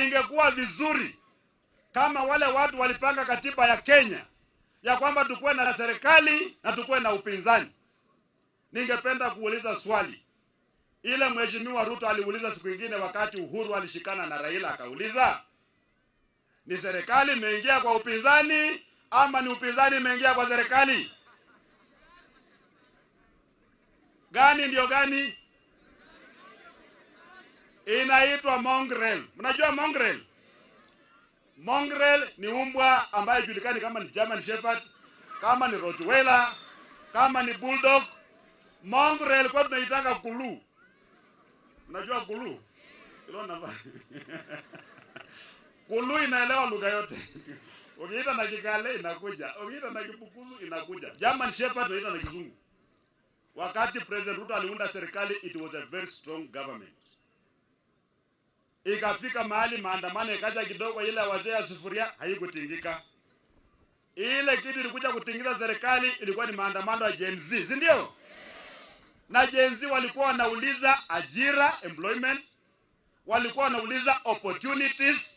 ingekuwa vizuri kama wale watu walipanga katiba ya Kenya ya kwamba tukuwe na serikali na tukuwe na upinzani. Ningependa kuuliza swali ile mheshimiwa Ruto aliuliza siku ingine, wakati Uhuru alishikana na Raila, akauliza ni serikali imeingia kwa upinzani ama ni upinzani imeingia kwa serikali? Gani ndio gani? inaitwa mongrel. Mnajua mongrel? Mongrel ni umbwa ambaye julikani kama ni German Shepherd, kama ni Rottweiler, kama ni bulldog. Mongrel kwa tunaitaka kulu. Mnajua kulu? Ilo namba. inaelewa lugha yote. Ukiita na Kikale inakuja, ukiita na Kibukusu inakuja. German Shepherd unaita na Kizungu. Wakati President Ruto aliunda serikali, it was a very strong government ikafika mahali maandamano ikaja kidogo, ile wazee ya sufuria haikutingika. Ile kitu ilikuja kutingiza serikali ilikuwa ni maandamano ya Gen Z, si ndio? Na Gen Z walikuwa wanauliza ajira, employment, walikuwa wanauliza opportunities,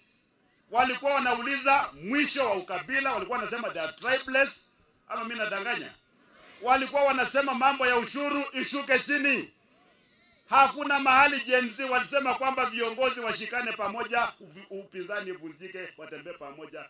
walikuwa wanauliza mwisho wa ukabila, walikuwa wanasema they are tribeless, ama mimi nadanganya? Walikuwa wanasema mambo ya ushuru ishuke chini. Hakuna mahali Gen Z walisema kwamba viongozi washikane pamoja, upinzani uvunjike, watembee pamoja.